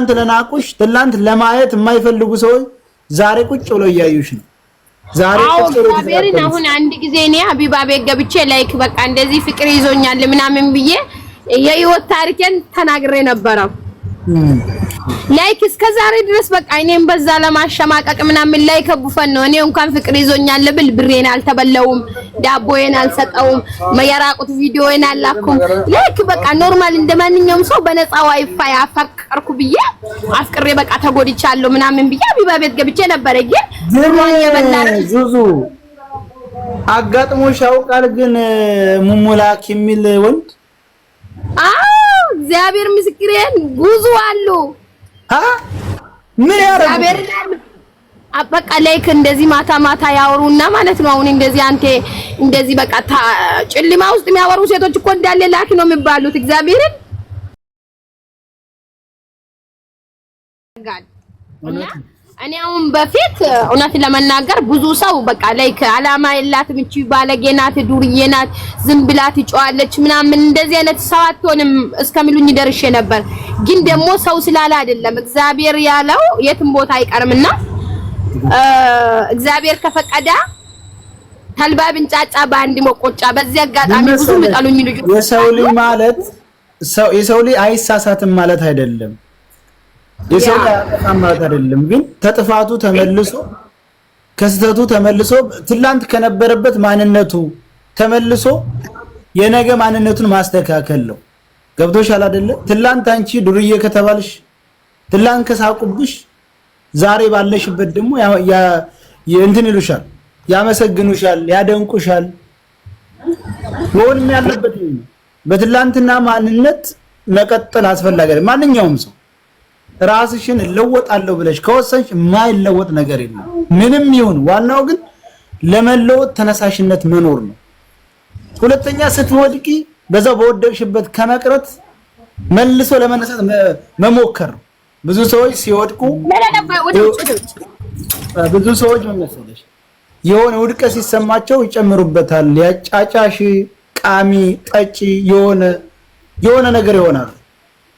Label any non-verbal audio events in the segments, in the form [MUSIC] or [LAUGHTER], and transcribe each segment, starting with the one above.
ትላንት ለናቁሽ ትላንት ለማየት የማይፈልጉ ሰዎች ዛሬ ቁጭ ብለው እያዩሽ ነው። ዛሬ እግዚአብሔርን አሁን አንድ ጊዜ እኔ ሀቢባ ቤት ገብቼ ላይክ በቃ እንደዚህ ፍቅር ይዞኛል ምናምን ብዬ የህይወት ታሪኬን ተናግሬ ነበረው። ላይክ እስከ ዛሬ ድረስ በቃ እኔም በዛ ለማሸማቀቅ ምናምን ላይ ከጉፈን ነው። እኔ እንኳን ፍቅር ይዞኛል ብል ብሬን አልተበላውም፣ ዳቦዬን አልሰጠውም፣ መየራቁት ቪዲዮዬን አላኩም። ላይክ በቃ ኖርማል እንደ ማንኛውም ሰው በነፃ ዋይፋይ አፈቀርኩ ብዬ አፍቅሬ በቃ ተጎድቻለሁ ምናምን ብዬ ሀቢባ ቤት ገብቼ ነበረ። ግን ዝሩን ዙዙ አጋጥሞሽ ያውቃል? ግን ሙሙላክ የሚል ወንድ አዎ፣ እግዚአብሔር ምስክሬን ጉዙ አሉ ምን ያደርጉ በቃ ላይክ እንደዚህ ማታ ማታ ያወሩና ማለት ነው። አሁን እንደዚህ አንቴ እንደዚህ በቃ ጭልማ ውስጥ የሚያወሩ ሴቶች እኮ እንዳለ ላኪ ነው የሚባሉት። እግዚአብሔርን እና እኔ አሁን በፊት እውነት ለመናገር ብዙ ሰው በቃ ላይክ አላማ የላትም እቺ ባለጌ ናት፣ ዱርዬ ናት፣ ዝም ብላ ትጫዋለች ምናምን እንደዚህ አይነት ሰው አትሆንም እስከሚሉኝ ደርሼ ነበር። ግን ደግሞ ሰው ስላለ አይደለም እግዚአብሔር ያለው የትም ቦታ አይቀርምና እግዚአብሔር ከፈቀደ ተልባ ብንጫጫ በአንድ መቆጫ። በዚህ አጋጣሚ ብዙ ምጠሉኝ ልጆች የሰው ልጅ ማለት የሰው ልጅ አይሳሳትም ማለት አይደለም የሰው ጥፋት አይደለም፣ ግን ከጥፋቱ ተመልሶ ከስተቱ ተመልሶ ትላንት ከነበረበት ማንነቱ ተመልሶ የነገ ማንነቱን ማስተካከል ነው። ገብቶሻል አይደለ? ትላንት አንቺ ዱርዬ ከተባልሽ፣ ትላንት ከሳቁብሽ፣ ዛሬ ባለሽበት ደግሞ እንትን ይሉሻል፣ ያመሰግኑሻል፣ ያደንቁሻል። መሆንም ያለበት በትላንትና ማንነት መቀጠል አስፈላጊ ማንኛውም ሰው ራስሽን እለወጣለሁ ብለሽ ከወሰንሽ የማይለወጥ ነገር የለም። ምንም ይሁን ዋናው ግን ለመለወጥ ተነሳሽነት መኖር ነው። ሁለተኛ ስትወድቂ በዛው በወደቅሽበት ከመቅረት መልሶ ለመነሳት መሞከር ነው። ብዙ ሰዎች ሲወድቁ ብዙ ሰዎች ምን የሆነ ውድቀት ሲሰማቸው ይጨምሩበታል። ያጫጫሽ፣ ቃሚ፣ ጠጪ የሆነ የሆነ ነገር ይሆናሉ።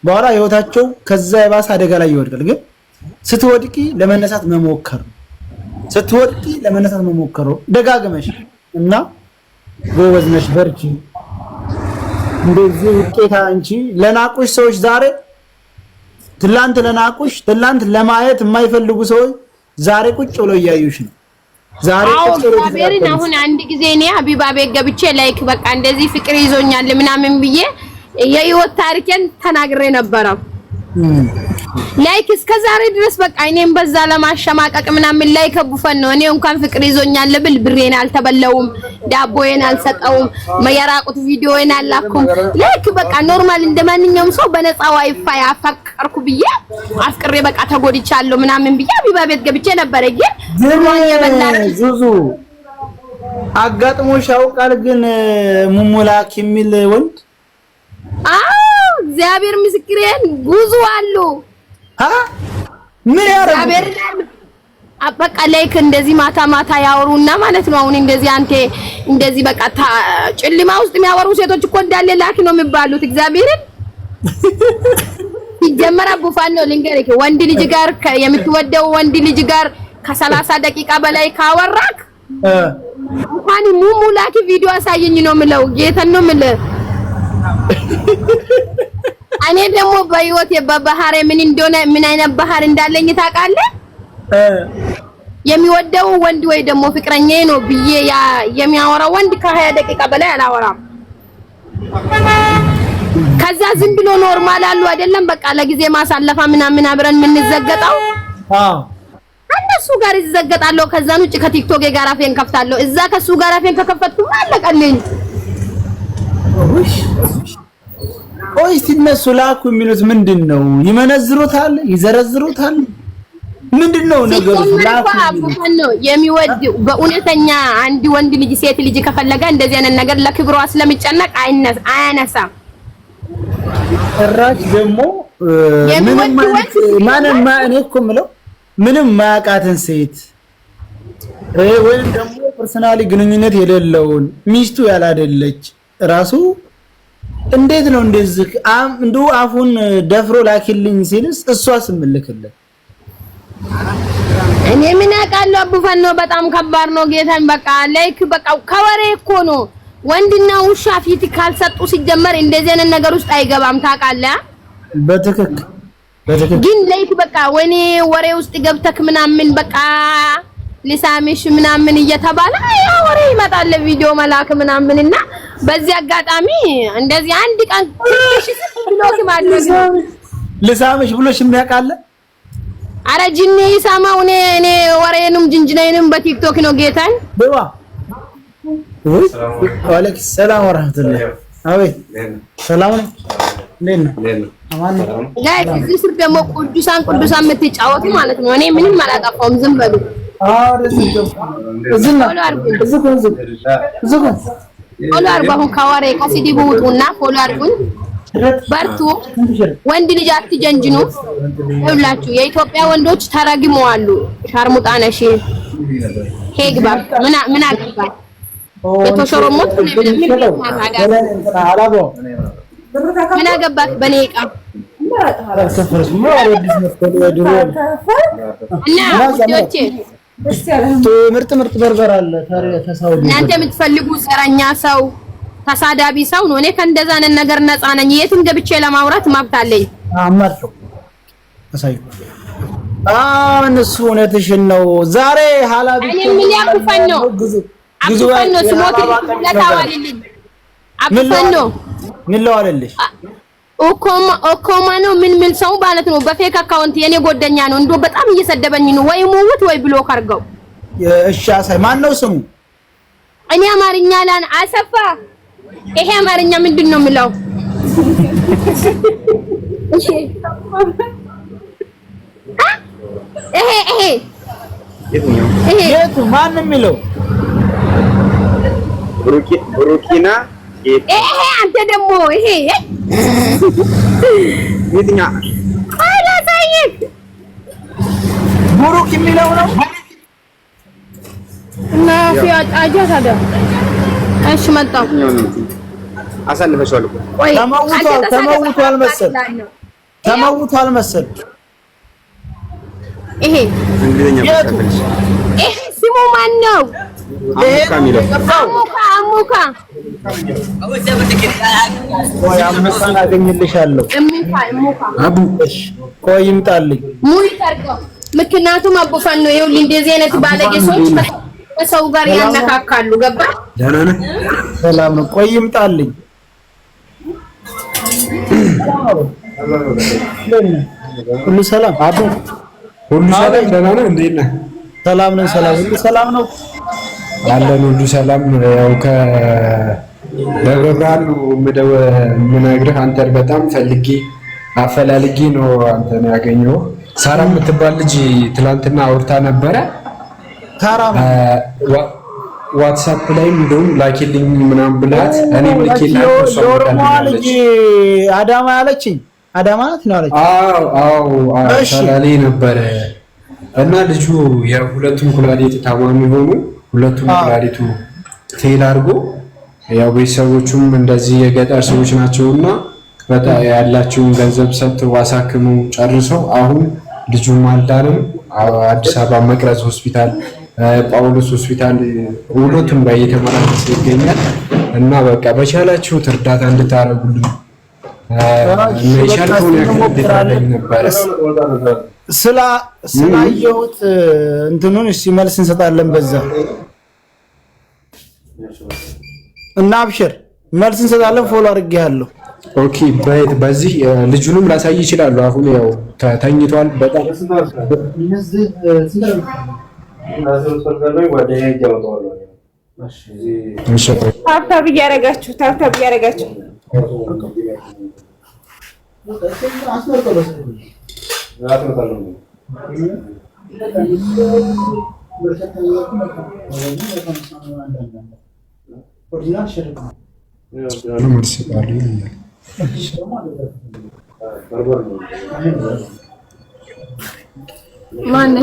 በኋላ ህይወታቸው ከዛ የባሰ አደጋ ላይ ይወድቃል። ግን ስትወድቂ ለመነሳት መሞከር ስትወድቂ ለመነሳት መሞከር ደጋግመሽ እና ጎበዝ ነሽ፣ በርቺ። እንደዚህ ውጤታ አንቺ ለናቁሽ ሰዎች ዛሬ ትላንት ለናቁሽ ትላንት ለማየት የማይፈልጉ ሰዎች ዛሬ ቁጭ ብሎ እያዩሽ ነው። ዛሬ ቁጭ ብሎ አሁን አንድ ጊዜ እኔ አቢባ ቤት ገብቼ ላይክ በቃ እንደዚህ ፍቅር ይዞኛል ምናምን ብዬ የህይወት ታሪኬን ተናግሬ ነበረ። ላይክ እስከ ዛሬ ድረስ በቃ እኔም በዛ ለማሸማቀቅ ምናምን ላይ ከጉፈን ነው። እኔ እንኳን ፍቅር ይዞኛል ብል ብሬን አልተበለውም፣ ዳቦዬን አልሰጠውም፣ መያራቁት ቪዲዮዬን አላኩም። ላይክ በቃ ኖርማል እንደማንኛውም ሰው በነፃ ዋይፋይ አፈቀርኩ ብዬ አፍቅሬ በቃ ተጎድቻለሁ ምናምን ብዬ ሀቢባ ቤት ገብቼ ነበረ። ግን ዙዙ አጋጥሞሽ ያውቃል? ግን ሙሙላክ የሚል ወንድ አዎ እግዚአብሔር ምስክሬን ጉዞ አሉ። አ ምን ያረጉ በቃ ላይክ እንደዚህ ማታ ማታ ያወሩና ማለት ነው። አሁን እንደዚህ አንተ እንደዚህ በቃ ጭልማ ውስጥ የሚያወሩ ሴቶች እኮ እንዳለ ላኪ ነው የሚባሉት። እግዚአብሔርን ሲጀመር ቡፋን ነው ልንገርህ፣ ወንድ ልጅ ጋር የምትወደው ወንድ ልጅ ጋር ከሰላሳ ደቂቃ በላይ ካወራክ እንኳን ሙሙ ላኪ ቪዲዮ አሳየኝ ነው የምለው። ጌተን ነው የምልህ [LAUGHS] እኔ ደግሞ በህይወት በባህሪ ምን እንደሆነ ምን አይነት ባህር እንዳለኝ ታውቃለህ? የሚወደው ወንድ ወይ ደግሞ ፍቅረኛ ነው ብዬ የሚያወራው ወንድ ከሀያ ደቂቃ በላይ አላወራም። ከዛ ዝም ብሎ ኖርማል አሉ አይደለም፣ በቃ ለጊዜ ማሳለፋ ምናምን አብረን የምንዘገጠው እነሱ ጋር ይዘገጣለሁ። ከዛን ውጭ ከቲክቶክ ጋር አፌን ከፍታለሁ። እዛ ከሱ ጋር አፌን ከከፈትኩ አለቀልኝ። ቆይ ሲነሱ ላኩ የሚሉት ምንድን ነው? ይመነዝሩታል፣ ይዘረዝሩታል። ምንድን ነው ነገሩ? ላኩ ነው የሚወድ በእውነተኛ አንድ ወንድ ልጅ ሴት ልጅ ከፈለገ እንደዚህ አይነት ነገር ለክብሯ ስለሚጨነቅ አያነሳም። ጭራሽ ደግሞ ምንም ማንም እኔ እኮ የምለው ምንም ማያውቃትን ሴት ወይም ደግሞ ፐርሰናሊ ግንኙነት የሌለውን ሚስቱ ያላደለች ራሱ እንዴት ነው እንደዚህ እንዱ አፉን ደፍሮ ላኪልኝ ሲልስ እሷ ስምልክልን እኔ ምን አውቃለሁ። አቡፈን ነው በጣም ከባድ ነው። ጌታን በቃ ላይክ በቃ ከወሬ እኮ ነው። ወንድና ውሻ ፊት ካልሰጡ ሲጀመር እንደዚህ አይነት ነገር ውስጥ አይገባም። ታውቃለህ? በትክክ በትክክ ግን ላይክ በቃ ወኔ ወሬ ውስጥ ገብተክ ምናምን በቃ ሊሳሚሽ ምናምን እየተባለ ያ ወሬ ይመጣል። ቪዲዮ መላክ ምናምን እና በዚህ አጋጣሚ እንደዚህ አንድ ቀን ትንሽ ብሎክ ማድረግ ልሳምሽ ብሎሽ የሚያውቃለ? አረ ጅኒ ይሳማው። እኔ እኔ ወሬንም ጅንጅናይንም በቲክቶክ ነው ጌታን በዋ ወለክ ሰላም ወራህመቱላህ። አቤት ሰላም ነው። እዚህ ስር ደግሞ ቅዱሳን ቅዱሳን የምትጫወቱ ማለት ነው። እኔ ምንም አላጠፋሁም። ዝም በሉ ፎሎ አድርጉ። አሁን ከወሬ ከስድብ ውጡና ፎሎ አድርጉኝ። በርቱ። ወንድ ልጅ አትጀንጅኑ። ይኸውላችሁ የኢትዮጵያ ወንዶች ተረግመዋሉ። ሻርሙጣ ነሽ ሄግባ ምን አገባል የተሸረሙት ምን አገባት በኔ ዕቃ እና ምርጥ ምርጥ በርበር አለ። እናንተ የምትፈልጉ ዘረኛ ሰው፣ ተሳዳቢ ሰው ነው። እኔ ከእንደዛ ነገር ነፃ ነኝ። የትም ገብቼ ለማውራት ማብት አለኝ። አማቸው አሳዩ። እነሱ እውነትሽን ነው። ዛሬ ሀላቢ ነው ነው ስሞት ለታዋልልኝ አብፈን ነው ምን ለዋለልሽ ኦኮማ ነው ምን ምን ሰው ማለት ነው። በፌክ አካውንት የኔ ጎደኛ ነው እንዶ በጣም እየሰደበኝ ነው። ወይ ሙውት ወይ ብሎክ አድርገው። እሺ አሳይ ማን ነው ስሙ? እኔ አማርኛ ላን አሰፋ። ይሄ አማርኛ ምንድን ነው የምለው? ይሄ ይሄ ይሄ የቱ ማን ነው የሚለው? ብሩኪና ይሄ አንተ ደግሞ ይሄ የትኛው አላሳየኝ ቡሩክ የሚለው ነው እና አጃ ታዲያ እሺ መጣሁ አሳልፈሻል እኮ ተመውቷል ተመውቷል መሰል ተመውቷል መሰል ይሄ ይሄ ስሙ ማነው ቆይ ይምጣልኝ። ምክንያቱም አቦ ፋኖ ነው። እንደዚህ አይነት ባለጌ ሰዎች ከሰው ጋር ያነካካሉ። ገባ? ሰላም ነው። ቆይ ይምጣልኝ። ሁሉ ሰላም አቦ፣ ሁሉ ሰላም። ደህና ነህ? እንዴት ነህ? ሰላም ነን። ሰላም ሁሉ ሰላም ነው። አለን ሁሉ ሰላም። ያው ከደብረ ብርሃን የምነግርህ አንተን በጣም ፈልጌ አፈላልጌ ነው አንተን ያገኘው። ሳራ የምትባል ልጅ ትላንትና አውርታ ነበረ። ዋትሳፕ ላይ እንደውም ላኪልኝ ምናምን ብላት እኔ መኪና ልጅ አዳማ ያለችኝ አዳማ ናት ነው አለች። አዎ አዎ ሰላሌ ነበረ እና ልጁ የሁለቱም ኩላሊት ታማሚ ሆኑ ሁለቱም ኩላሊቱ ፌል አድርጎ ያው ቤተሰቦቹም እንደዚህ የገጠር ሰዎች ናቸውና በጣም ያላቸውን ገንዘብ ሰጥተው አሳክመው ጨርሰው አሁን ልጁም አልዳንም። አዲስ አበባ መቅረዝ ሆስፒታል፣ ጳውሎስ ሆስፒታል ሁለቱም ጋር እየተመላለሰ ይገኛል እና በቃ በቻላችሁት እርዳታ እንድታደርጉልን ስላየሁት እንትኑን እሺ፣ መልስ እንሰጣለን በዛ እና አብሽር መልስ እንሰጣለን። ፎሎ አድርጌሃለሁ። ኦኬ በዚህ ልጁንም ላሳይ ይችላሉ። አሁን ያው ተኝቷል። በጣም ታብታብ እያደረጋችሁ ታብታብ እያደረጋችሁ ማነሽ?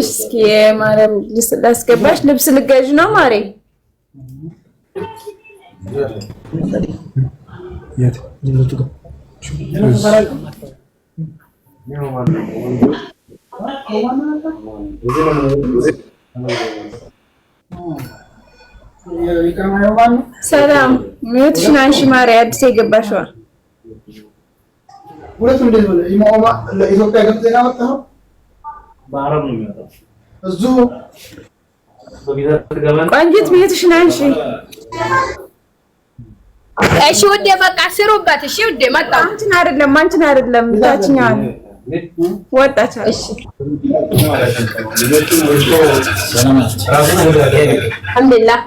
እስኪ የማርያም ላስገባሽ። ልብስ ልገዥ ነው ማሬ የት ሰላም ሚዩትሽ ናንሺ ማሪ አዲስ የገባሽዋ ሁለቱም እንዴት ነው? ኢማማ ለኢትዮጵያ ገብ ዜና ወጣው በአረብ ነው የሚወጣው። እዙ ቆንጆት ሚዩትሽ ናንሺ እሺ ወዴ በቃ ስሩበት። እሺ ውዴ መጣሁ። አንቺን አይደለም አንቺን አይደለም ታችኛዋን ወጣች። እሺ አልሐምዱሊላህ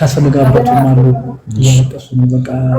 ካስፈልጋበትም